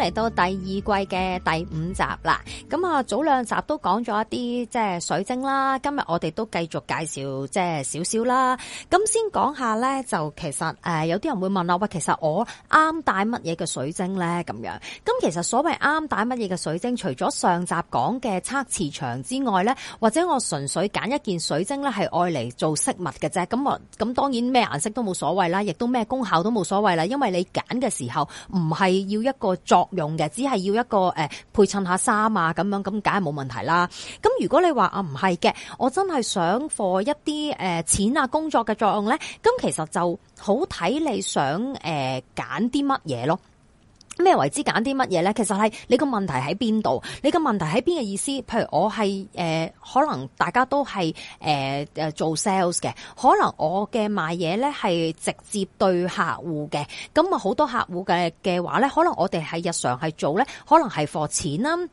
嚟到第二季嘅第五集啦，咁啊早兩集都講咗一啲即係水晶啦，今日我哋都繼續介紹即係少少啦。咁先講下咧，就其實誒、呃、有啲人會問啊，喂，其實我啱戴乜嘢嘅水晶咧？咁樣咁其實所謂啱戴乜嘢嘅水晶，除咗上集講嘅測磁場之外咧，或者我純粹揀一件水晶咧係愛嚟做飾物嘅啫。咁我咁當然咩顏色都冇所謂啦，亦都咩功效都冇所謂啦，因為你揀嘅時候唔係要一個作。用嘅，只係要一個誒、呃、配襯下衫啊，咁樣咁梗係冇問題啦。咁如果你話啊唔係嘅，我真係想放一啲誒、呃、錢啊工作嘅作用咧，咁其實就好睇你想誒揀啲乜嘢咯。咩為之揀啲乜嘢咧？其實係你個問題喺邊度？你個問題喺邊嘅意思？譬如我係誒、呃，可能大家都係誒誒做 sales 嘅，可能我嘅賣嘢咧係直接對客戶嘅。咁啊，好多客戶嘅嘅話咧，可能我哋係日常係做咧，可能係貨錢、啊、係啦，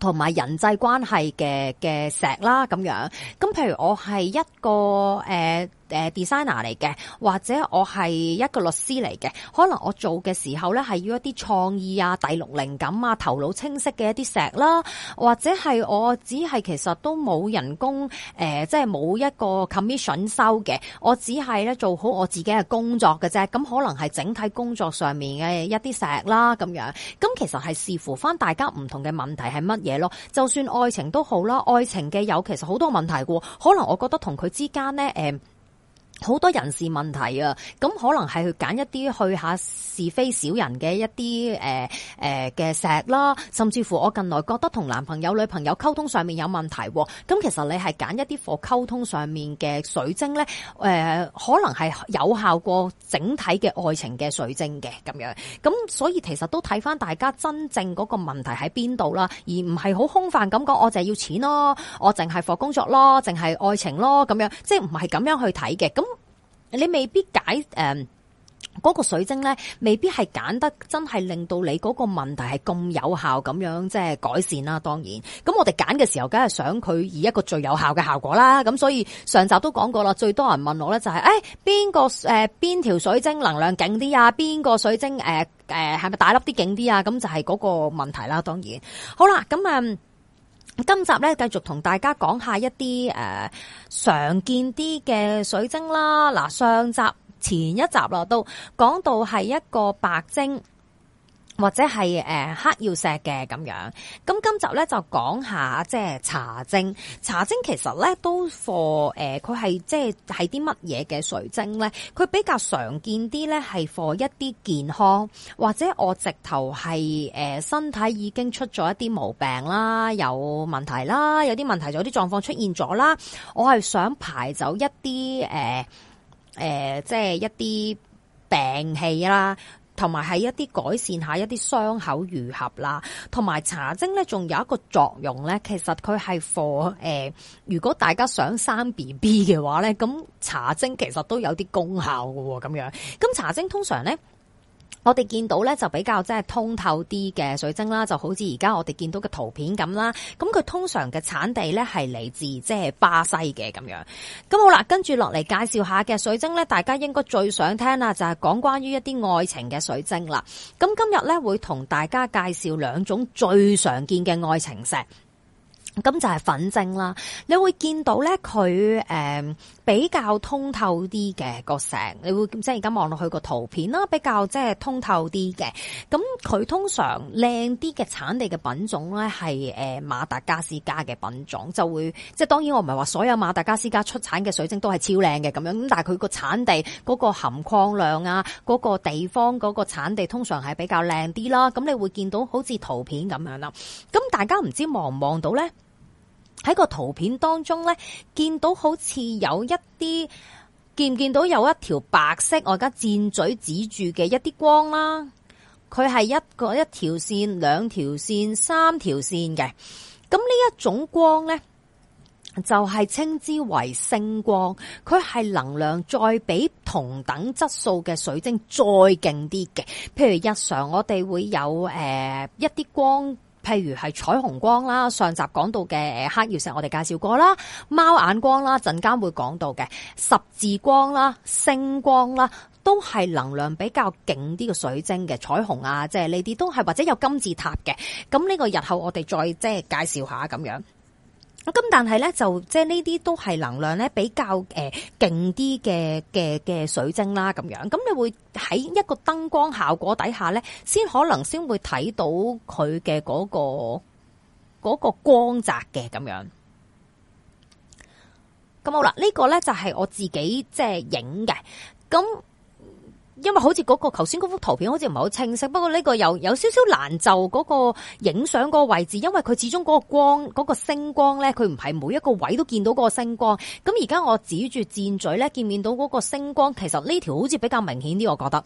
同埋人際關係嘅嘅石啦咁樣。咁譬如我係一個誒。呃誒、呃、designer 嚟嘅，或者我係一個律師嚟嘅，可能我做嘅時候咧，係要一啲創意啊、第六靈感啊、頭腦清晰嘅一啲石啦，或者係我只係其實都冇人工誒、呃、即係冇一個 commission 收嘅，我只係咧做好我自己嘅工作嘅啫。咁可能係整體工作上面嘅一啲石啦咁樣，咁其實係視乎翻大家唔同嘅問題，係乜嘢咯。就算愛情都好啦，愛情嘅有其實好多問題嘅。可能我覺得同佢之間咧誒。呃好多人事問題啊，咁可能係去揀一啲去下是非小人嘅一啲誒誒嘅石啦，甚至乎我近來覺得同男朋友女朋友溝通上面有問題，咁、哦、其實你係揀一啲課溝通上面嘅水晶咧，誒、呃、可能係有效過整體嘅愛情嘅水晶嘅咁樣，咁所以其實都睇翻大家真正個問題喺邊度啦，而唔係好空泛咁講，我就係要錢咯，我淨係課工作咯，淨係愛情咯咁樣，即係唔係咁樣去睇嘅咁。你未必解，誒，嗰、嗯，那個水晶咧，未必係揀得真係令到你嗰個問題係咁有效咁樣，即係改善啦。當然，咁我哋揀嘅時候，梗係想佢以一個最有效嘅效果啦。咁所以上集都講過啦，最多人問我咧就係誒邊個誒邊條水晶能量勁啲啊？邊個水晶誒誒係咪大粒啲勁啲啊？咁就係嗰個問題啦。當然好啦，咁、嗯、啊。今集呢，繼續同大家講下一啲誒、呃、常見啲嘅水晶啦。嗱，上集前一集落到講到係一個白晶。或者係誒、呃、黑曜石嘅咁樣，咁今集咧就講下即係茶晶。茶晶其實咧都貨誒、呃，佢係即係係啲乜嘢嘅水晶咧？佢比較常見啲咧係貨一啲健康，或者我直頭係誒身體已經出咗一啲毛病啦，有問題啦，有啲問題，就有啲狀況出現咗啦，我係想排走一啲誒誒，即係一啲病氣啦。同埋係一啲改善下一啲傷口愈合啦，同埋茶晶咧仲有一個作用咧，其實佢係 for 誒，如果大家想生 BB 嘅話咧，咁茶晶其實都有啲功效㗎喎，咁樣，咁茶晶通常咧。我哋見到咧就比較即係通透啲嘅水晶啦，就好似而家我哋見到嘅圖片咁啦。咁佢通常嘅產地咧係嚟自即係巴西嘅咁樣。咁好啦，跟住落嚟介紹下嘅水晶咧，大家應該最想聽啦，就係講關於一啲愛情嘅水晶啦。咁今日咧會同大家介紹兩種最常見嘅愛情石。咁就係粉晶啦，你會見到咧佢誒比較通透啲嘅個成。你會即係而家望落去個圖片啦，比較即係通透啲嘅。咁佢通常靚啲嘅產地嘅品種咧，係誒、呃、馬達加斯加嘅品種就會，即係當然我唔係話所有馬達加斯加出產嘅水晶都係超靚嘅咁樣，咁但係佢個產地嗰個含礦量啊，嗰、嗰個地方嗰個產地通常係比較靚啲啦。咁你會見到好似圖片咁樣啦。咁大家唔知望唔望到咧？喺個圖片當中咧，見到好似有一啲見唔見到有一條白色，我而家箭嘴指住嘅一啲光啦，佢係一個一條線、兩條線、三條線嘅。咁呢一種光咧，就係、是、稱之為星光。佢係能量再比同等質素嘅水晶再勁啲嘅。譬如日常我哋會有誒、呃、一啲光。譬如係彩虹光啦，上集講到嘅黑曜石我哋介紹過啦，貓眼光啦，陣間會講到嘅十字光啦、星光啦，都係能量比較勁啲嘅水晶嘅彩虹啊，即係呢啲都係或者有金字塔嘅，咁呢個日後我哋再即係介紹下咁樣。咁但係咧，就即係呢啲都係能量咧，比較誒勁啲嘅嘅嘅水晶啦，咁樣，咁你會喺一個燈光效果底下咧，先可能先會睇到佢嘅嗰個、嗰個光澤嘅咁樣。咁好啦，呢個咧就係我自己即係影嘅咁。因為好似嗰個頭先嗰幅圖片好似唔係好清晰，不過呢個又有少少難就嗰個影相嗰個位置，因為佢始終嗰個光嗰個星光咧，佢唔係每一個位都見到嗰個星光。咁而家我指住箭嘴咧，見唔見到嗰個星光？其實呢條好似比較明顯啲，我覺得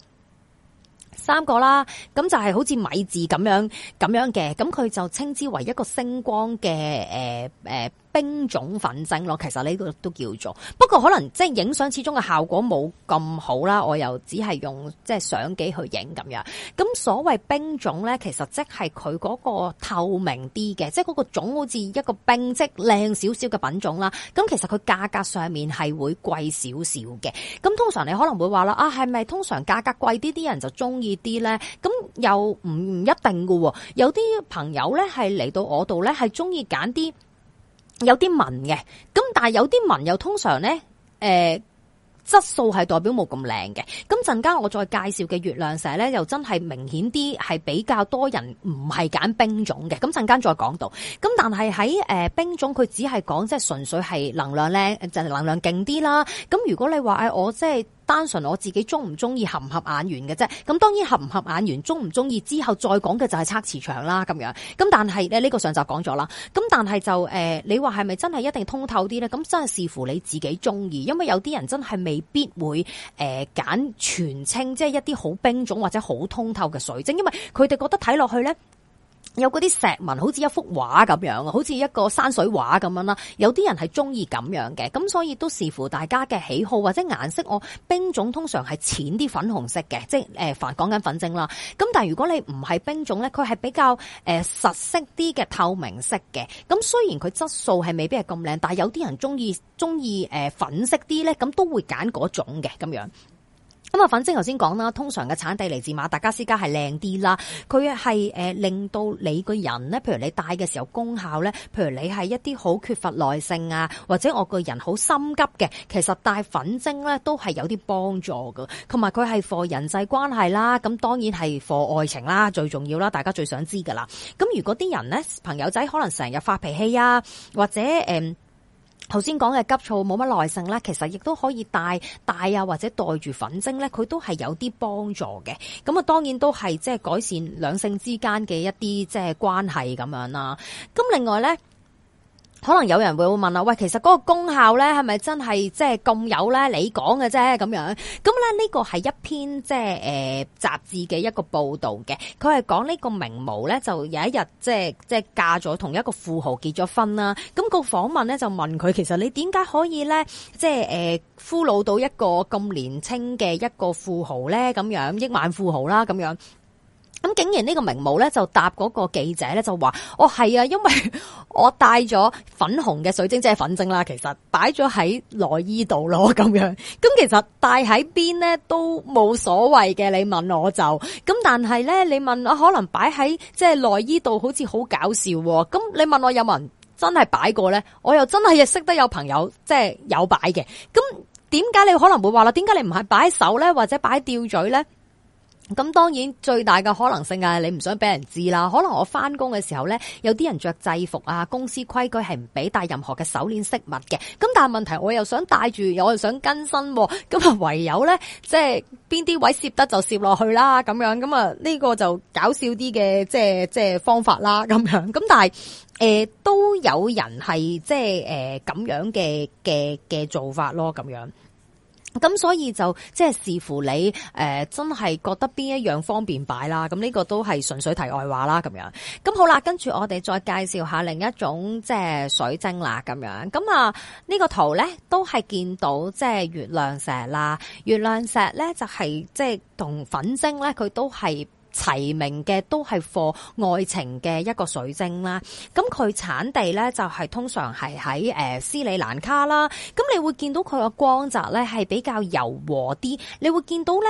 三個啦，咁就係好似米字咁樣咁樣嘅，咁佢就稱之為一個星光嘅誒誒。呃呃冰種粉晶咯，其實呢個都叫做，不過可能即係影相始終嘅效果冇咁好啦。我又只係用即係相機去影咁樣。咁所謂冰種咧，其實即係佢嗰個透明啲嘅，即係嗰個種好似一個冰積靚少少嘅品種啦。咁其實佢價格上面係會貴少少嘅。咁通常你可能會話啦，啊係咪通常價格貴啲，啲人就中意啲咧？咁又唔一定噶喎，有啲朋友咧係嚟到我度咧係中意揀啲。有啲紋嘅，咁但係有啲紋又通常咧，誒、呃，質素係代表冇咁靚嘅。咁陣間我再介紹嘅月亮石咧，又真係明顯啲係比較多人唔係揀冰種嘅。咁陣間再講到。咁但係喺誒冰種，佢只係講即係純粹係能量咧，就能量勁啲啦。咁如果你話誒、哎、我即係。單純我自己中唔中意合唔合眼緣嘅啫，咁當然合唔合眼緣，中唔中意之後再講嘅就係測磁場啦，咁樣，咁但係咧呢個上集講咗啦，咁但係就誒、呃，你話係咪真係一定通透啲呢？咁真係視乎你自己中意，因為有啲人真係未必會誒揀、呃、全清，即係一啲好冰種或者好通透嘅水晶，因為佢哋覺得睇落去呢。有嗰啲石紋，好似一幅畫咁樣，好似一個山水畫咁樣啦。有啲人係中意咁樣嘅，咁所以都視乎大家嘅喜好或者顏色。我冰種通常係淺啲粉紅色嘅，即係誒，講緊粉晶啦。咁但係如果你唔係冰種咧，佢係比較誒實色啲嘅透明色嘅。咁雖然佢質素係未必係咁靚，但係有啲人中意中意誒粉色啲咧，咁都會揀嗰種嘅咁樣。咁啊粉晶頭先講啦，通常嘅產地嚟自馬達加斯加係靚啲啦，佢係誒令到你個人咧，譬如你戴嘅時候功效咧，譬如你係一啲好缺乏耐性啊，或者我個人好心急嘅，其實戴粉晶咧都係有啲幫助噶，同埋佢係 for 人際關係啦，咁當然係 for 愛情啦，最重要啦，大家最想知噶啦。咁如果啲人咧朋友仔可能成日發脾氣啊，或者誒。嗯頭先講嘅急躁冇乜耐性啦，其實亦都可以帶帶啊，或者帶住粉晶咧，佢都係有啲幫助嘅。咁啊，當然都係即係改善兩性之間嘅一啲即係關係咁樣啦。咁另外咧。可能有人會會問啦，喂，其實嗰個功效咧，係咪真係即係咁有咧？你講嘅啫咁樣，咁咧呢個係一篇即係誒雜誌嘅一個報道嘅，佢係講呢個名模咧就有一日即係即係嫁咗同一個富豪結咗婚啦，咁、個訪問咧就問佢，其實你點解可以咧即係誒、呃、俘虜到一個咁年輕嘅一個富豪咧咁樣，億萬富豪啦咁樣。咁竟然呢個名模咧就答嗰個記者咧就話：哦，係啊，因為我戴咗粉紅嘅水晶，即係粉晶啦。其實擺咗喺內衣度咯，咁樣。咁其實戴喺邊咧都冇所謂嘅。你問我就，咁但係咧，你問我可能擺喺即係內衣度，好似好搞笑。咁你問我有冇人真係擺過咧？我又真係亦識得有朋友即係、就是、有擺嘅。咁點解你可能會話啦？點解你唔係擺手咧，或者擺吊嘴咧？咁當然最大嘅可能性啊，你唔想俾人知啦。可能我翻工嘅時候咧，有啲人着制服啊，公司規矩係唔俾帶任何嘅手鏈飾物嘅。咁但係問題，我又想戴住，我又想更新。咁啊，唯有咧，即係邊啲位攝得就攝落去啦。咁樣咁啊，呢個就搞笑啲嘅，即係即係方法啦。咁樣咁但係誒、呃、都有人係即係誒咁樣嘅嘅嘅做法咯。咁樣。咁所以就即係視乎你誒、呃，真係覺得邊一樣方便擺啦。咁呢個都係純粹題外話啦，咁樣。咁好啦，跟住我哋再介紹下另一種即係水晶啦，咁樣。咁啊，呢、這個圖咧都係見到即係月亮石啦，月亮石咧就係、是、即係同粉晶咧，佢都係。齊名嘅都係 for 愛情嘅一個水晶啦，咁佢產地咧就係、是、通常係喺誒斯里蘭卡啦，咁你會見到佢個光澤咧係比較柔和啲，你會見到咧，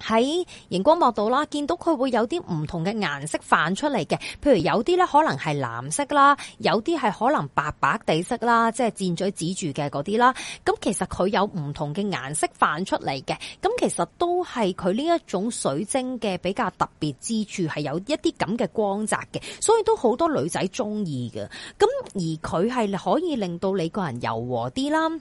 喺熒光幕度啦，見到佢會有啲唔同嘅顏色泛出嚟嘅，譬如有啲咧，可能係藍色啦，有啲係可能白白地色啦，即係箭嘴指住嘅嗰啲啦。咁其實佢有唔同嘅顏色泛出嚟嘅，咁其實都係佢呢一種水晶嘅比較特別之處，係有一啲咁嘅光澤嘅，所以都好多女仔中意嘅。咁而佢係可以令到你個人柔和啲啦。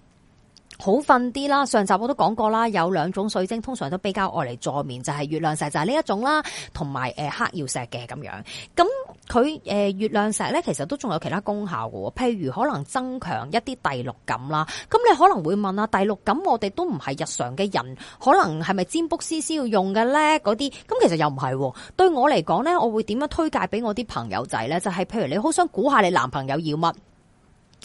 好瞓啲啦，上集我都講過啦，有兩種水晶通常都比較愛嚟助眠，就係月亮石就係呢一種啦，同埋誒黑曜石嘅咁樣。咁佢誒月亮石咧，其實都仲有其他功效嘅，譬如可能增強一啲第六感啦。咁你可能會問啊，第六感我哋都唔係日常嘅人，可能係咪占卜師先要用嘅咧？嗰啲咁其實又唔係。對我嚟講咧，我會點樣推介俾我啲朋友仔咧？就係譬如你好想估下你男朋友要乜？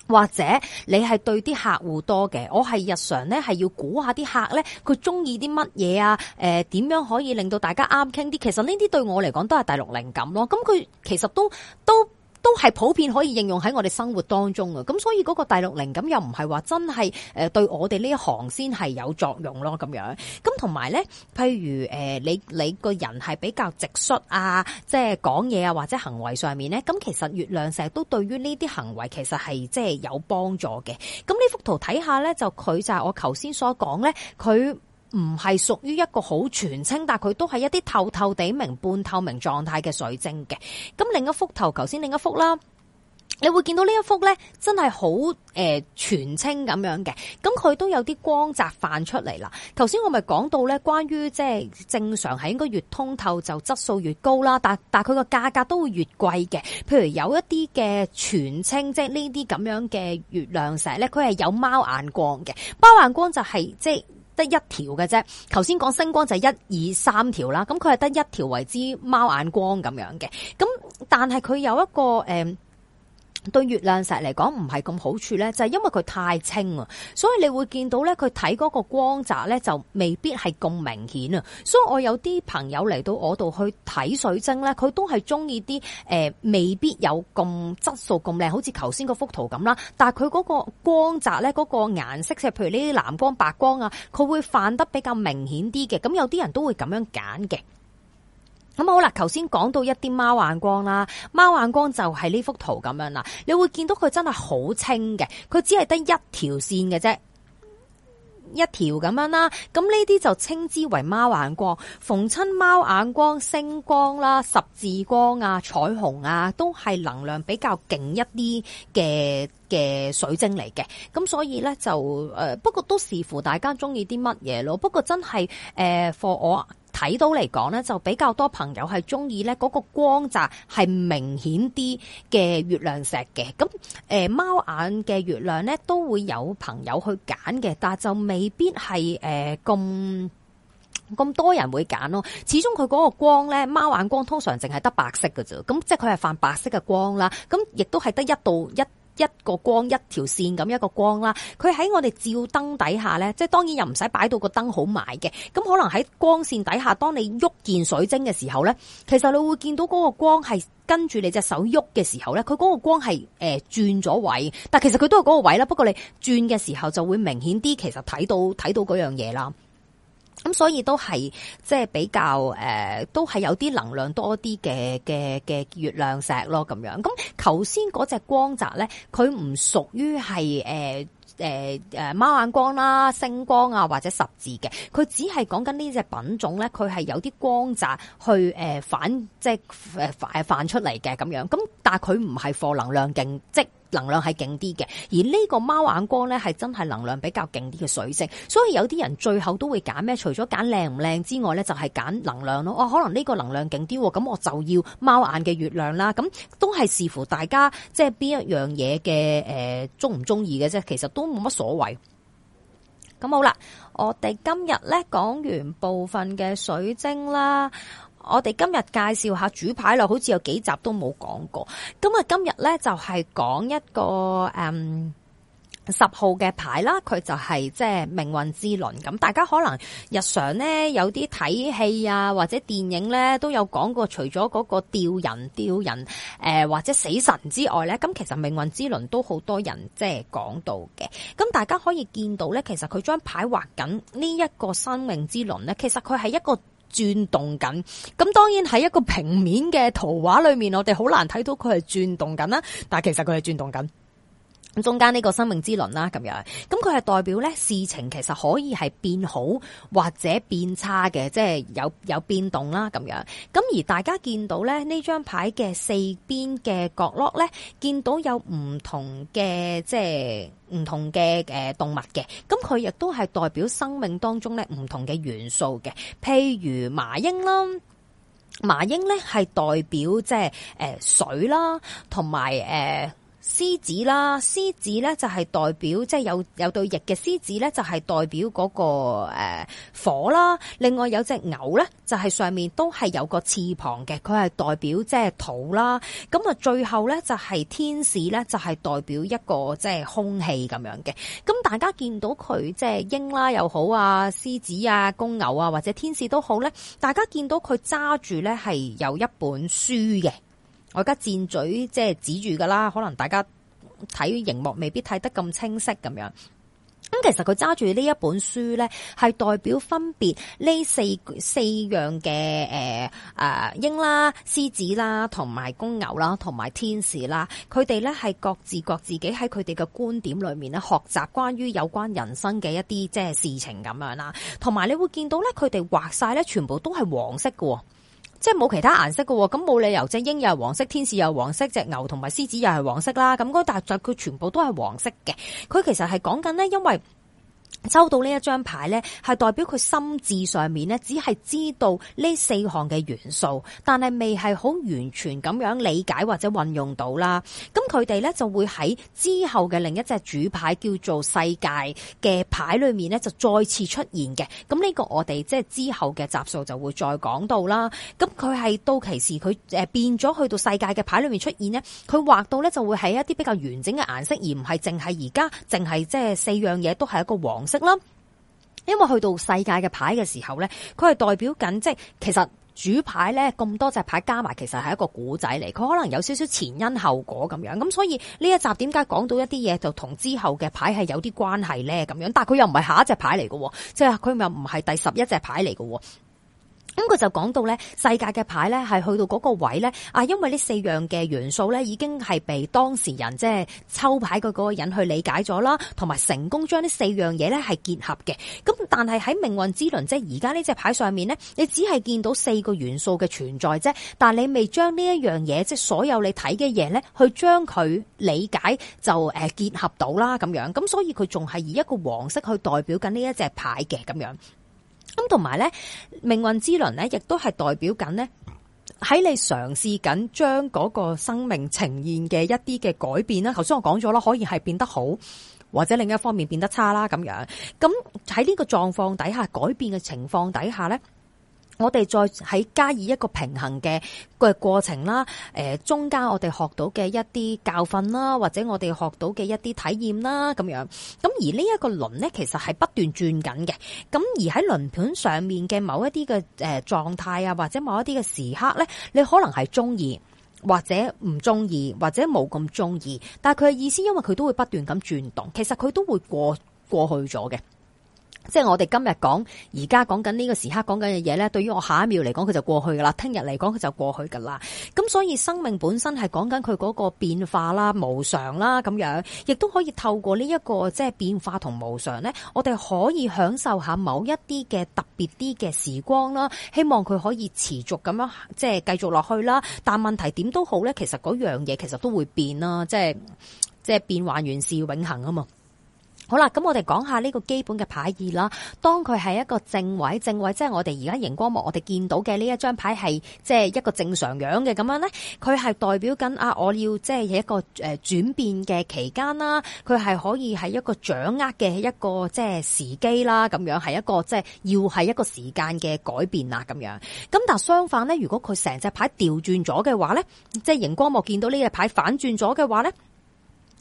或者你係對啲客戶多嘅，我係日常咧係要估下啲客咧，佢中意啲乜嘢啊？誒、呃，點樣可以令到大家啱傾啲？其實呢啲對我嚟講都係第六靈感咯。咁佢其實都都。都係普遍可以應用喺我哋生活當中嘅。咁所以嗰個第六靈感又唔係話真係誒對我哋呢一行先係有作用咯咁樣，咁同埋咧，譬如誒、呃、你你個人係比較直率啊，即係講嘢啊或者行為上面咧，咁其實月亮石都對於呢啲行為其實係即係有幫助嘅。咁呢幅圖睇下咧，就佢就係我頭先所講咧，佢。唔係屬於一個好全清，但佢都係一啲透透地明、半透明狀態嘅水晶嘅。咁另一幅頭，頭先另一幅啦，你會見到呢一幅呢，真係好誒全清咁樣嘅。咁佢都有啲光澤泛出嚟啦。頭先我咪講到呢，關於即係正常係應該越通透就質素越高啦，但但佢個價格都會越貴嘅。譬如有一啲嘅全清，即係呢啲咁樣嘅月亮石呢，佢係有貓眼光嘅。貓眼光就係、是、即係。得一條嘅啫，頭先講星光就係一二三條啦，咁佢係得一條為之貓眼光咁樣嘅，咁但係，佢有一個誒。呃對月亮石嚟講唔係咁好處咧，就係因為佢太清，所以你會見到咧，佢睇嗰個光澤咧就未必係咁明顯啊。所以我有啲朋友嚟到我度去睇水晶咧，佢都係中意啲誒，未必有咁質素咁靚，好似頭先嗰幅圖咁啦。但係佢嗰個光澤咧，嗰個顏色即係譬如呢啲藍光、白光啊，佢會泛得比較明顯啲嘅。咁有啲人都會咁樣揀嘅。咁、嗯、好啦，頭先講到一啲貓眼光啦，貓眼光就係呢幅圖咁樣啦，你會見到佢真係好清嘅，佢只係得一條線嘅啫，一條咁樣啦。咁呢啲就稱之為貓眼光，逢親貓眼光、星光啦、十字光啊、彩虹啊，都係能量比較勁一啲嘅嘅水晶嚟嘅。咁所以咧就誒、呃，不過都視乎大家中意啲乜嘢咯。不過真係誒，for 我。睇到嚟講咧，就比較多朋友係中意咧嗰個光澤係明顯啲嘅月亮石嘅。咁誒，貓眼嘅月亮咧，都會有朋友去揀嘅，但係就未必係誒咁咁多人會揀咯。始終佢嗰個光咧，貓眼光通常淨係得白色嘅啫。咁即係佢係泛白色嘅光啦。咁亦都係得一到一。一個光一條線咁一個光啦，佢喺我哋照燈底下呢，即係當然又唔使擺到個燈好埋嘅，咁可能喺光線底下，當你喐見水晶嘅時候呢，其實你會見到嗰個光係跟住你隻手喐嘅時候呢，佢嗰個光係誒轉咗位，但其實佢都係嗰個位啦，不過你轉嘅時候就會明顯啲，其實睇到睇到嗰樣嘢啦。咁、嗯、所以都係即係比較誒、呃，都係有啲能量多啲嘅嘅嘅月亮石咯。咁樣咁，頭先嗰隻光澤咧，佢唔屬於係誒誒誒貓眼光啦、啊、星光啊或者十字嘅。佢只係講緊呢隻品種咧，佢係有啲光澤去誒、呃、反即係誒反出嚟嘅咁樣。咁但係佢唔係貨能量勁積。即能量係勁啲嘅，而呢個貓眼光呢，係真係能量比較勁啲嘅水晶，所以有啲人最後都會揀咩？除咗揀靚唔靚之外呢，就係揀能量囉。哦，可能呢個能量勁啲，咁我就要貓眼嘅月亮啦。咁都係視乎大家即係邊一樣嘢嘅誒，中唔中意、鍾唔鍾意嘅啫，其實都冇乜所謂。咁好啦，我哋今日呢講完部分嘅水晶啦。我哋今日介紹下主牌咯，好似有幾集都冇講過。咁啊，今日咧就係、是、講一個誒十、嗯、號嘅牌啦，佢就係即係命運之輪咁。大家可能日常呢，有啲睇戲啊或者電影呢，都有講過，除咗嗰個吊人吊人誒、呃、或者死神之外呢，咁其實命運之輪都好多人即係講到嘅。咁大家可以見到呢，其實佢張牌畫緊呢一個生命之輪呢，其實佢係一個。轉動緊，咁當然喺一個平面嘅圖畫裏面，我哋好難睇到佢係轉動緊啦。但係其實佢係轉動緊。中間呢個生命之輪啦，咁樣，咁佢係代表咧事情其實可以係變好或者變差嘅，即係有有變動啦，咁樣。咁而大家見到咧呢張牌嘅四邊嘅角落咧，見到有唔同嘅即係唔同嘅誒、呃、動物嘅，咁佢亦都係代表生命當中咧唔同嘅元素嘅，譬如麻鷹啦，麻鷹咧係代表即係誒、呃、水啦，同埋誒。呃獅子啦，獅子咧就係、是、代表即係有有對翼嘅獅子咧就係、是、代表嗰、那個誒、呃、火啦。另外有隻牛咧就係、是、上面都係有個翅膀嘅，佢係代表即係土啦。咁啊最後咧就係、是、天使咧就係、是、代表一個即係空氣咁樣嘅。咁大家見到佢即係鷹啦又好啊，獅子啊，公牛啊或者天使都好咧，大家見到佢揸住咧係有一本書嘅。我而家箭嘴即係指住噶啦，可能大家睇熒幕未必睇得咁清晰咁樣。咁、嗯、其實佢揸住呢一本書咧，係代表分別呢四四樣嘅誒誒鷹啦、獅子啦、同埋公牛啦、同埋天使啦。佢哋咧係各自各自己喺佢哋嘅觀點裏面咧學習關於有關人生嘅一啲即係事情咁樣啦。同埋你會見到咧，佢哋畫晒咧全部都係黃色嘅、哦。即係冇其他顏色嘅、哦，咁冇理由即係鷹又係黃色，天使又係黃色，隻牛同埋獅子又係黃色啦，咁嗰啲動物佢全部都係黃色嘅，佢其實係講緊咧，因為。抽到呢一張牌呢，係代表佢心智上面呢，只係知道呢四項嘅元素，但係未係好完全咁樣理解或者運用到啦。咁佢哋呢，就會喺之後嘅另一隻主牌叫做世界嘅牌裏面呢，就再次出現嘅。咁呢個我哋即係之後嘅集數就會再講到啦。咁佢係到期時佢誒變咗去到世界嘅牌裏面出現呢，佢畫到呢，就會係一啲比較完整嘅顏色，而唔係淨係而家淨係即係四樣嘢都係一個黃色。識啦，因為去到世界嘅牌嘅時候咧，佢係代表緊即係其實主牌咧，咁多隻牌加埋，其實係一個古仔嚟，佢可能有少少前因後果咁樣，咁所以呢一集點解講到一啲嘢，就同之後嘅牌係有啲關係咧咁樣，但係佢又唔係下一隻牌嚟嘅，即係佢又唔係第十一隻牌嚟嘅。咁佢就講到咧，世界嘅牌咧係去到嗰個位咧，啊，因為呢四樣嘅元素咧已經係被當事人即係抽牌嘅嗰個人去理解咗啦，同埋成功將呢四樣嘢咧係結合嘅。咁但係喺命運之輪即係而家呢隻牌上面咧，你只係見到四個元素嘅存在啫，但係你未將呢一樣嘢即係所有你睇嘅嘢咧去將佢理解就誒結合到啦咁樣。咁所以佢仲係以一個黃色去代表緊呢一隻牌嘅咁樣。咁同埋咧，命運之輪咧，亦都係代表緊咧，喺你嘗試緊將嗰個生命呈現嘅一啲嘅改變啦。頭先我講咗啦，可以係變得好，或者另一方面變得差啦咁樣。咁喺呢個狀況底下，改變嘅情況底下咧。我哋再喺加以一個平衡嘅嘅過程啦，誒、呃，中間我哋學到嘅一啲教訓啦，或者我哋學到嘅一啲體驗啦，咁樣，咁而呢一個輪咧，其實係不斷轉緊嘅，咁而喺輪盤上面嘅某一啲嘅誒狀態啊，或者某一啲嘅時刻咧，你可能係中意，或者唔中意，或者冇咁中意，但係佢嘅意思，因為佢都會不斷咁轉動，其實佢都會過過去咗嘅。即係我哋今日講而家講緊呢個時刻講緊嘅嘢呢，對於我下一秒嚟講佢就過去噶啦，聽日嚟講佢就過去噶啦。咁所以生命本身係講緊佢嗰個變化啦、無常啦咁樣，亦都可以透過呢一個即係變化同無常呢，我哋可以享受下某一啲嘅特別啲嘅時光啦。希望佢可以持續咁樣即係繼續落去啦。但問題點都好呢，其實嗰樣嘢其實都會變啦，即係即係變幻原是永恆啊嘛。好啦，咁我哋講下呢個基本嘅牌意啦。當佢係一個正位，正位即係我哋而家熒光幕我哋見到嘅呢一張牌係即係一個正常樣嘅咁樣咧，佢係代表緊啊，我要即係一個誒轉變嘅期間啦。佢係可以係一個掌握嘅一個即係時機啦，咁樣係一個即係要係一個時間嘅改變啦，咁樣。咁但係相反咧，如果佢成隻牌調轉咗嘅話咧，即係熒光幕見到呢隻牌反轉咗嘅話咧。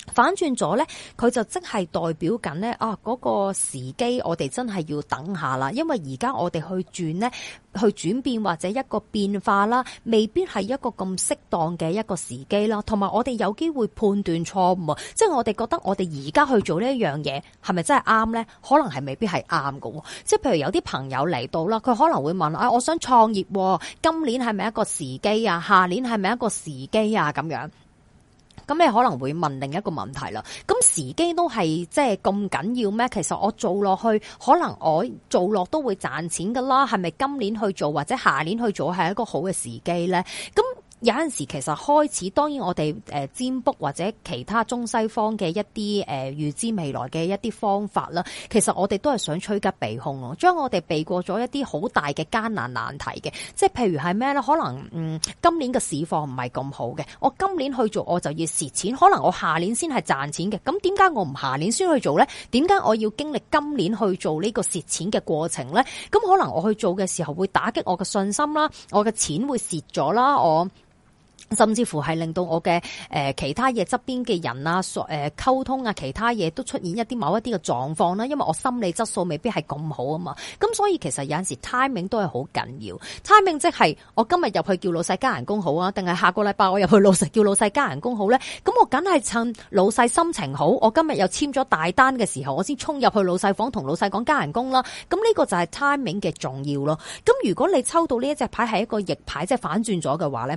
反轉咗咧，佢就即係代表緊咧啊！嗰個時機，我哋真係要等下啦。因為而家我哋去轉呢，去轉變或者一個變化啦，未必係一個咁適當嘅一個時機啦。同埋我哋有機會判斷錯誤，即係我哋覺得我哋而家去做呢一樣嘢，係咪真係啱呢？可能係未必係啱嘅。即係譬如有啲朋友嚟到啦，佢可能會問啊、哎：我想創業，今年係咪一個時機啊？下年係咪一個時機啊？咁樣。咁你可能會問另一個問題啦。咁時機都係即係咁緊要咩？其實我做落去，可能我做落都會賺錢㗎啦。係咪今年去做，或者下年去做係一個好嘅時機咧？咁。有陣時其實開始，當然我哋誒占卜或者其他中西方嘅一啲誒預知未來嘅一啲方法啦，其實我哋都係想趨吉避兇咯，將我哋避過咗一啲好大嘅艱難難題嘅。即係譬如係咩咧？可能嗯，今年嘅市況唔係咁好嘅，我今年去做我就要蝕錢，可能我下年先係賺錢嘅。咁點解我唔下年先去做咧？點解我要經歷今年去做呢個蝕錢嘅過程咧？咁可能我去做嘅時候會打擊我嘅信心啦，我嘅錢會蝕咗啦，我。甚至乎係令到我嘅、誒、呃、其他嘢，側邊嘅人啊，誒、呃、溝通啊，其他嘢都出現一啲某一啲嘅狀況啦，因為我心理質素未必係咁好啊嘛。咁所以其實有陣時 timing 都係好緊要，timing 即係我今日入去叫老細加人工好啊，定係下個禮拜我入去老實叫老細加人工好呢，啊？咁我梗係趁老細心情好，我今日又簽咗大單嘅時候，我先衝入去老細房同老細講加人工啦，啊。咁呢個就係 timing 嘅重要咯，啊。咁如果你抽到呢一隻牌係一個逆牌，即係反轉咗嘅話呢。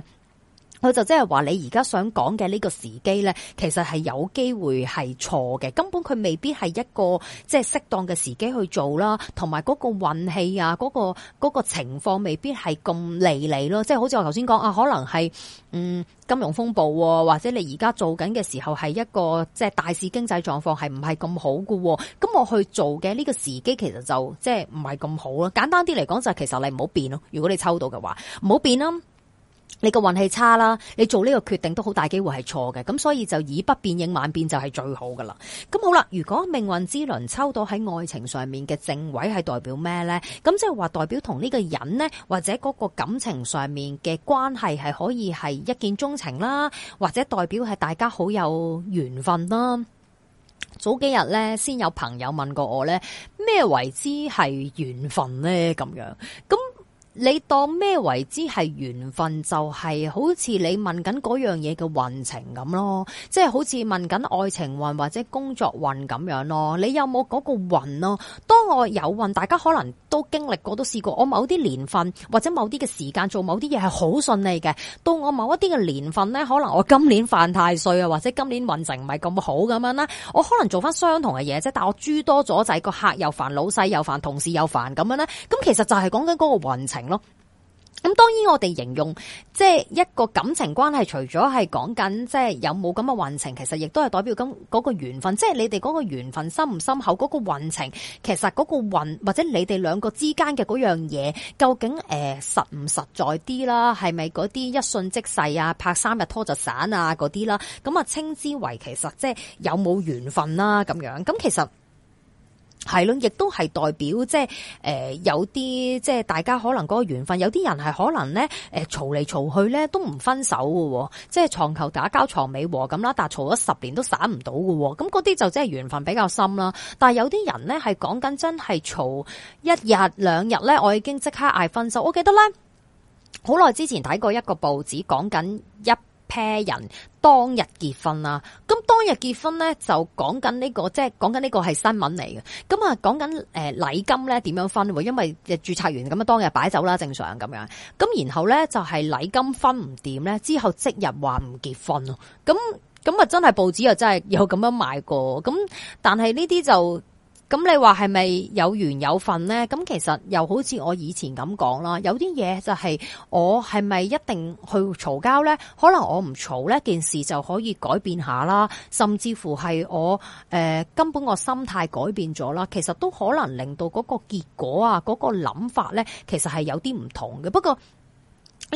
佢就即係話你而家想講嘅呢個時機咧，其實係有機會係錯嘅，根本佢未必係一個即係適當嘅時機去做啦。同埋嗰個運氣啊，嗰、嗰個、嗰個情況未必係咁利利咯。即係好似我頭先講啊，可能係嗯金融風暴，或者你而家做緊嘅時候係一個即係大市經濟狀況係唔係咁好㗎。咁我去做嘅呢個時機其實就即係唔係咁好咯。簡單啲嚟講就係，其實你唔好變咯。如果你抽到嘅話，唔好變啦。你個運氣差啦，你做呢個決定都好大機會係錯嘅，咁所以就以不變應萬變就係最好噶啦。咁好啦，如果命運之輪抽到喺愛情上面嘅正位，係代表咩呢？咁即係話代表同呢個人呢，或者嗰個感情上面嘅關係係可以係一見鍾情啦，或者代表係大家好有緣分啦。早幾日呢，先有朋友問過我呢：「咩為之係緣分呢？」咁樣咁。你當咩為之係緣分，就係好似你問緊嗰樣嘢嘅運程咁咯，即係好似問緊愛情運或者工作運咁樣咯。你有冇嗰個運咯？當我有運，大家可能都經歷過，都試過。我某啲年份或者某啲嘅時間做某啲嘢係好順利嘅。到我某一啲嘅年份呢，可能我今年犯太歲啊，或者今年運程唔係咁好咁樣啦。我可能做翻相同嘅嘢啫，但我諸多咗就係個客又煩，老細又煩，同事又煩咁樣咧。咁其實就係講緊嗰個運程。咯，咁當然我哋形容即係一個感情關係，除咗係講緊即係有冇咁嘅運程，其實亦都係代表咁嗰個緣分，即係你哋嗰個緣分深唔深厚，嗰、嗰個運程，其實嗰個運或者你哋兩個之間嘅嗰樣嘢，究竟誒、呃、實唔實在啲啦，係咪嗰啲一瞬即逝啊，拍三日拖就散啊嗰啲啦，咁啊稱之為其實即係有冇緣分啦、啊、咁樣，咁其實。係咯，亦都係代表即係誒，有啲即係大家可能嗰個緣分，有啲人係可能咧誒，嘈嚟嘈去咧都唔分手嘅喎，即係床頭打交床尾和咁啦。但係嘈咗十年都散唔到嘅喎，咁嗰啲就即係緣分比較深啦。但係有啲人咧係講緊真係嘈一日兩日咧，我已經即刻嗌分手。我記得咧，好耐之前睇過一個報紙講緊一 pair 人當日結婚啦，咁當日結婚咧就講緊、這個、呢個即係講緊呢個係新聞嚟嘅。咁啊講緊誒禮金咧點樣分？因為注冊完咁啊當日擺酒啦，正常咁樣，咁然後咧就係、是、禮金分唔掂咧，之後即日話唔結婚咯，咁咁啊真係報紙又真係有咁樣賣過，咁但係呢啲就。咁你話係咪有緣有份呢？咁其實又好似我以前咁講啦，有啲嘢，就係我係咪一定去嘈交呢？可能我唔嘈呢件事就可以改變下啦，甚至乎係我誒、呃、根本個心態改變咗啦，其實都可能令到嗰個結果啊，嗰、嗰個諗法呢，其實係有啲唔同嘅。不過，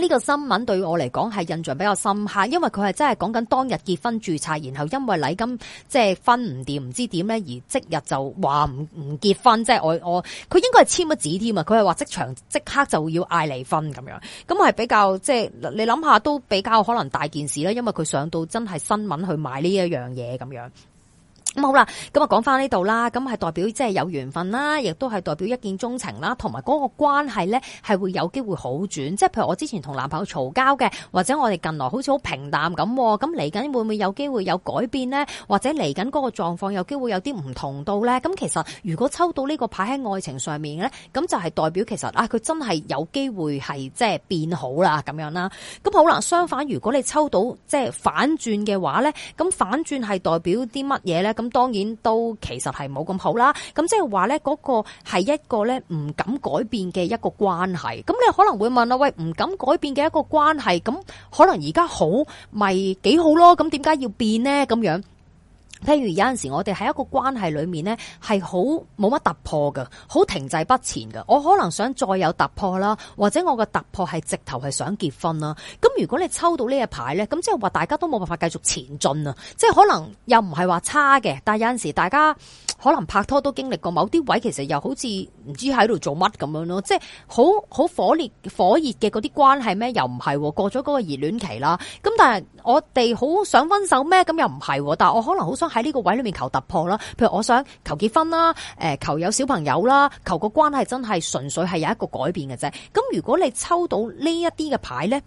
呢個新聞對我嚟講係印象比較深刻，因為佢係真係講緊當日結婚註冊，然後因為禮金即係、就是，分唔掂，唔知點咧，而即日就話唔唔結婚，即、就、係、是、我我佢應該係簽咗紙添啊，佢係話即場即刻就要嗌離婚咁樣，咁係比較即係、就是，你諗下都比較可能大件事啦，因為佢上到真係新聞去買呢一樣嘢咁樣。咁、嗯、好啦，咁啊講翻呢度啦，咁係代表即係有緣分啦，亦都係代表一見鐘情啦，同埋嗰個關係呢係會有機會好轉，即係譬如我之前同男朋友嘈交嘅，或者我哋近來好似好平淡咁，咁嚟緊會唔會有機會有改變呢？或者嚟緊嗰個狀況有機會有啲唔同到呢？咁、嗯、其實如果抽到呢個牌喺愛情上面呢，咁就係代表其實啊佢真係有機會係即係變好啦咁樣啦。咁、嗯、好啦，相反如果你抽到即係反轉嘅話轉呢，咁反轉係代表啲乜嘢呢？咁當然都其實係冇咁好啦，咁即係話呢，嗰個係一個呢唔敢改變嘅一個關係，咁你可能會問啦，喂，唔敢改變嘅一個關係，咁可能而家好咪幾好咯，咁點解要變呢？咁樣？譬如有陣時我哋喺一個關係裏面咧，係好冇乜突破嘅，好停滯不前嘅。我可能想再有突破啦，或者我嘅突破係直頭係想結婚啦。咁如果你抽到呢一牌咧，咁即係話大家都冇辦法繼續前進啊。即係可能又唔係話差嘅，但係有陣時大家可能拍拖都經歷過某啲位，其實又好似唔知喺度做乜咁樣咯。即係好好火烈火熱嘅啲關係咩？又唔係過咗個熱戀期啦。咁但係我哋好想分手咩？咁又唔係。但係我可能好想。喺呢個位裏面求突破啦，譬如我想求結婚啦，誒，求有小朋友啦，求個關係真係純粹係有一個改變嘅啫。咁如果你抽到呢一啲嘅牌咧，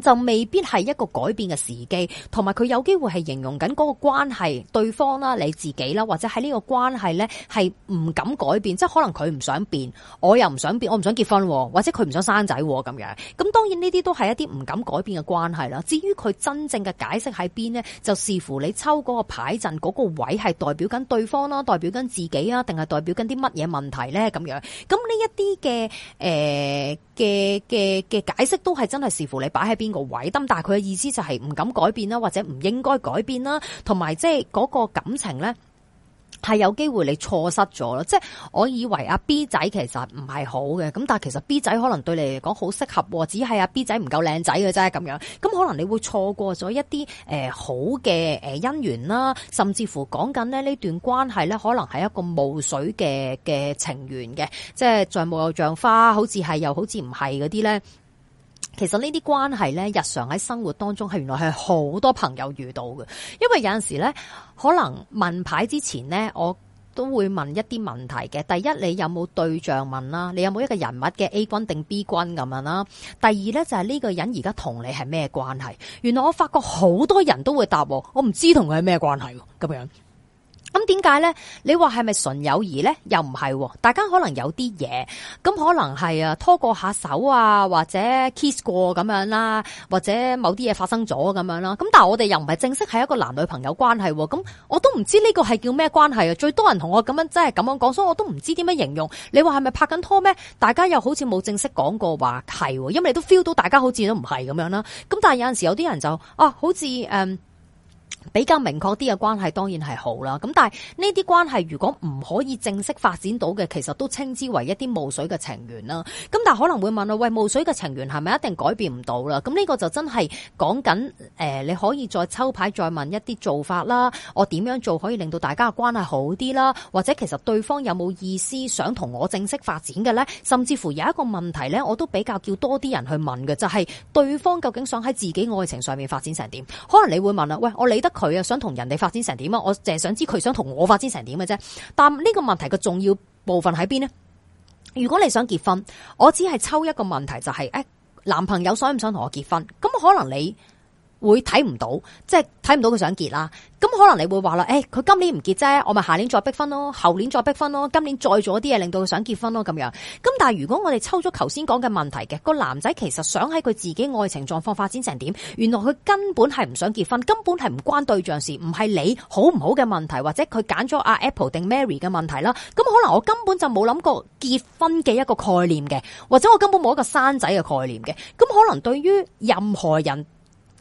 就未必係一個改變嘅時機，同埋佢有機會係形容緊個關係，對方啦，你自己啦，或者喺呢個關係咧係唔敢改變，即係可能佢唔想變，我又唔想變，我唔想結婚，或者佢唔想生仔咁樣。咁當然呢啲都係一啲唔敢改變嘅關係啦。至於佢真正嘅解釋喺邊咧，就視乎你抽個牌陣個位係代表緊對方啦，代表緊自己啊，定係代表緊啲乜嘢問題咧咁樣。咁呢一啲嘅誒嘅嘅嘅解釋都係真係視乎你擺喺邊。邊個位？但係佢嘅意思就係唔敢改變啦，或者唔應該改變啦，同埋即係嗰個感情呢，係有機會你錯失咗咯。即係我以為阿 B 仔其實唔係好嘅，咁但係其實 B 仔可能對你嚟講好適合，只係阿 B 仔唔夠靚仔嘅啫咁樣。咁可能你會錯過咗一啲誒、呃、好嘅誒姻緣啦，甚至乎講緊呢呢段關係呢，可能係一個霧水嘅嘅情緣嘅，即係像霧又像花，好似係又好似唔係嗰啲呢。其實係呢啲關係咧，日常喺生活當中係原來係好多朋友遇到嘅，因為有陣時咧，可能問牌之前呢，我都會問一啲問題嘅。第一，你有冇對象問啦？你有冇一個人物嘅 A 君定 B 君咁樣啦？第二呢，就係、是、呢個人而家同你係咩關係？原來我發覺好多人都會答我唔知同佢係咩關係咁樣。咁點解咧？你話係咪純友誼咧？又唔係喎，大家可能有啲嘢，咁可能係啊，拖過下手啊，或者 kiss 過咁樣啦、啊，或者某啲嘢發生咗咁樣啦、啊。咁但係我哋又唔係正式係一個男女朋友關係喎，咁我都唔知呢個係叫咩關係啊。最多人同我咁樣真係咁樣講，所以我都唔知點樣形容。你話係咪拍緊拖咩？大家又好似冇正式講過話係喎，因為你都 feel 到大家好似都唔係咁樣啦、啊。咁但係有陣時有啲人就啊，好似誒。嗯比較明確啲嘅關係當然係好啦，咁但係呢啲關係如果唔可以正式發展到嘅，其實都稱之為一啲霧水嘅情緣啦。咁但係可能會問啦，喂，霧水嘅情緣係咪一定改變唔到啦？咁呢個就真係講緊誒，你可以再抽牌再問一啲做法啦，我點樣做可以令到大家嘅關係好啲啦？或者其實對方有冇意思想同我正式發展嘅呢？甚至乎有一個問題呢，我都比較叫多啲人去問嘅，就係、是、對方究竟想喺自己愛情上面發展成點？可能你會問啦，喂，我理得佢佢啊，想同人哋發展成點啊？我淨係想知佢想同我發展成點嘅啫。但呢個問題嘅重要部分喺邊呢？如果你想結婚，我只係抽一個問題，就係誒，男朋友想唔想同我結婚？咁可能你。會睇唔到，即係睇唔到佢想結啦。咁可能你會話啦，誒、欸，佢今年唔結啫，我咪下年再逼婚咯，後年再逼婚咯，今年再做啲嘢令到佢想結婚咯，咁樣。咁但係如果我哋抽咗頭先講嘅問題嘅個男仔，其實想喺佢自己愛情狀況發展成點？原來佢根本係唔想結婚，根本係唔關對象事，唔係你好唔好嘅問題，或者佢揀咗阿 Apple 定 Mary 嘅問題啦。咁可能我根本就冇諗過結婚嘅一個概念嘅，或者我根本冇一個生仔嘅概念嘅。咁可能對於任何人。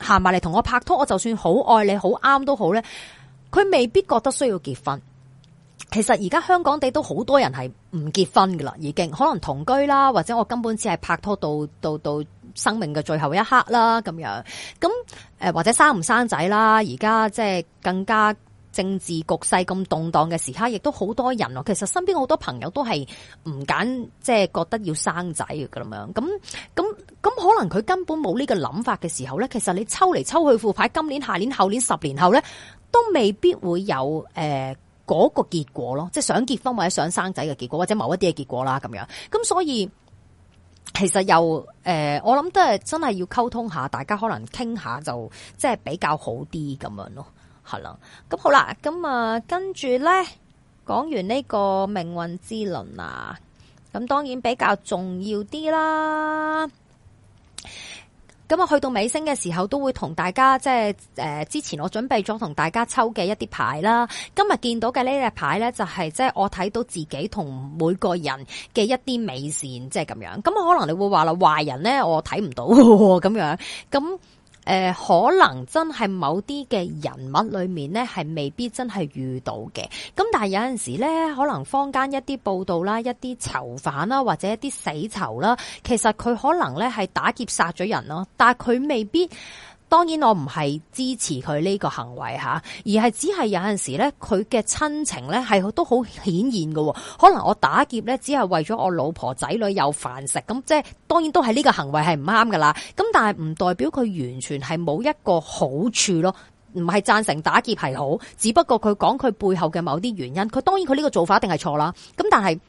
行埋嚟同我拍拖，我就算好愛你好啱都好咧，佢未必覺得需要結婚。其實而家香港地都好多人係唔結婚噶啦，已經可能同居啦，或者我根本只係拍拖到到到生命嘅最後一刻啦，咁樣咁誒、呃，或者生唔生仔啦？而家即係更加。政治局勢咁動蕩嘅時刻，亦都好多人，其實身邊好多朋友都係唔揀，即係覺得要生仔嘅咁樣。咁咁咁可能佢根本冇呢個諗法嘅時候咧，其實你抽嚟抽去副牌，今年、下年、後年、十年後咧，都未必會有誒嗰個結果咯。即係想結婚或者想生仔嘅結果，或者某一啲嘅結果啦咁樣。咁所以其實又誒，我諗都係真係要溝通下，大家可能傾下就即係比較好啲咁樣咯。係啦，咁好啦，咁啊跟住呢講完呢個命運之輪啊，咁當然比較重要啲啦。咁啊去到尾聲嘅時候，都會同大家即係誒，之前我準備咗同大家抽嘅一啲牌啦。今日見到嘅呢隻牌呢，就係即係我睇到自己同每個人嘅一啲美善，即係咁樣。咁啊，可能你會話啦，壞人呢，我睇唔到咁樣咁。誒、呃，可能真係某啲嘅人物裏面呢，係未必真係遇到嘅。咁但係有陣時呢，可能坊間一啲報道啦，一啲囚犯啦，或者一啲死囚啦，其實佢可能呢係打劫殺咗人咯，但係佢未必。當然我唔係支持佢呢個行為吓，而係只係有陣時咧，佢嘅親情咧係都好顯現嘅。可能我打劫咧，只係為咗我老婆仔女有飯食，咁即係當然都係呢個行為係唔啱噶啦。咁但係唔代表佢完全係冇一個好處咯，唔係讚成打劫係好，只不過佢講佢背後嘅某啲原因。佢當然佢呢個做法一定係錯啦。咁但係。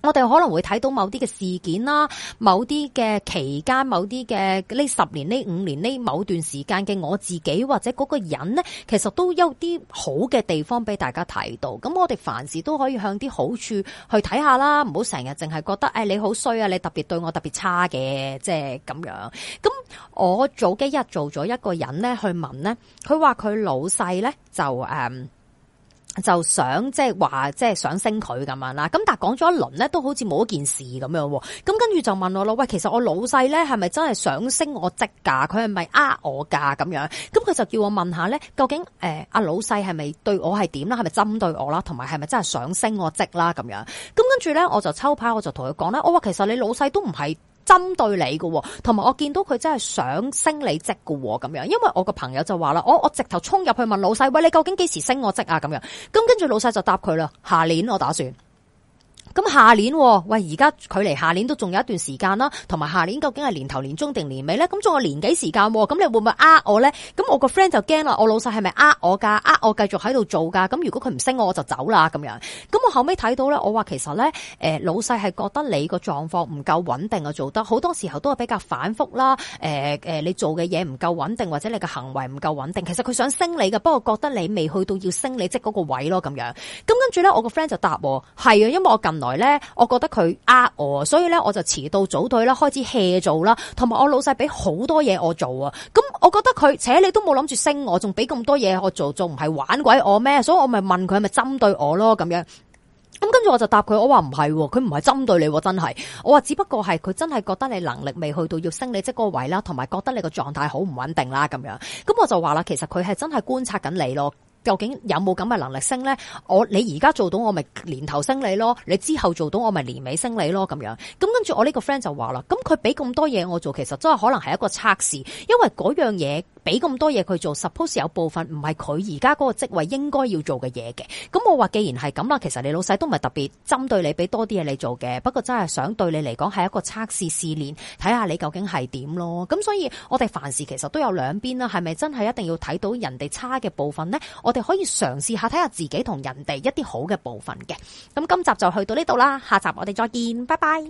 我哋可能會睇到某啲嘅事件啦，某啲嘅期間，某啲嘅呢十年、呢五年、呢某段時間嘅我自己或者嗰個人呢，其實都有啲好嘅地方俾大家睇到。咁我哋凡事都可以向啲好處去睇下啦，唔好成日淨係覺得誒、哎、你好衰啊，你特別對我特別差嘅，即係咁樣。咁我早幾日做咗一個人呢，去問呢，佢話佢老細呢，就誒。嗯就想即係話即係想升佢咁啊啦，咁但係講咗一輪咧，都好似冇一件事咁樣，咁跟住就問我咯，喂，其實我老細咧係咪真係想升我職噶、啊？佢係咪呃我噶咁、啊、樣？咁佢就叫我問下咧，究竟誒阿、呃、老細係咪對我係點啦？係咪針對我啦？同埋係咪真係想升我職啦、啊？咁樣，咁跟住咧，我就抽牌我就，我就同佢講咧，我話其實你老細都唔係。針對你嘅，同埋我見到佢真係想升你職嘅咁樣，因為我個朋友就話啦，我我直頭衝入去問老細，喂，你究竟幾時升我職啊？咁樣，咁跟住老細就答佢啦，下年我打算。咁下年，喂，而家距離下年都仲有一段時間啦，同埋下年究竟係年頭、年中定年尾咧？咁仲有年幾時間？咁你會唔會呃我咧？咁我個 friend 就驚啦，我老細係咪呃我㗎？呃我繼續喺度做㗎？咁如果佢唔升我，我就走啦咁樣。咁我後尾睇到咧，我話其實咧，誒、呃、老細係覺得你個狀況唔夠穩定啊，做得好多時候都係比較反覆啦。誒、呃、誒、呃，你做嘅嘢唔夠穩定，或者你嘅行為唔夠穩定。其實佢想升你嘅，不過覺得你未去到要升你即係嗰個位咯咁樣。咁跟住咧，我個 friend 就答係啊，因為我近來。咧，來我覺得佢呃我，所以咧我就遲到組隊啦，開始 hea 做啦，同埋我老細俾好多嘢我做啊，咁我覺得佢且你都冇諗住升我，仲俾咁多嘢我做，仲唔係玩鬼我咩？所以我咪問佢，係咪針對我咯咁樣。咁跟住我就答佢，我話唔係，佢唔係針對你，真係，我話只不過係佢真係覺得你能力未去到要升你即係嗰個位啦，同埋覺得你個狀態好唔穩定啦咁樣。咁我就話啦，其實佢係真係觀察緊你咯。究竟有冇咁嘅能力升咧？我你而家做到我咪年頭升你咯，你之後做到我咪年尾升你咯，咁樣。跟住我呢個 friend 就話啦，咁佢俾咁多嘢我做，其實真係可能係一個測試，因為嗰樣嘢俾咁多嘢佢做，suppose 有部分唔係佢而家嗰個職位應該要做嘅嘢嘅。咁我話既然係咁啦，其實你老細都唔係特別針對你俾多啲嘢你做嘅，不過真係想對你嚟講係一個測試試練，睇下你究竟係點咯。咁所以我哋凡事其實都有兩邊啦，係咪真係一定要睇到人哋差嘅部分呢？我哋可以嘗試下睇下自己同人哋一啲好嘅部分嘅。咁今集就去到呢度啦，下集我哋再見，拜拜。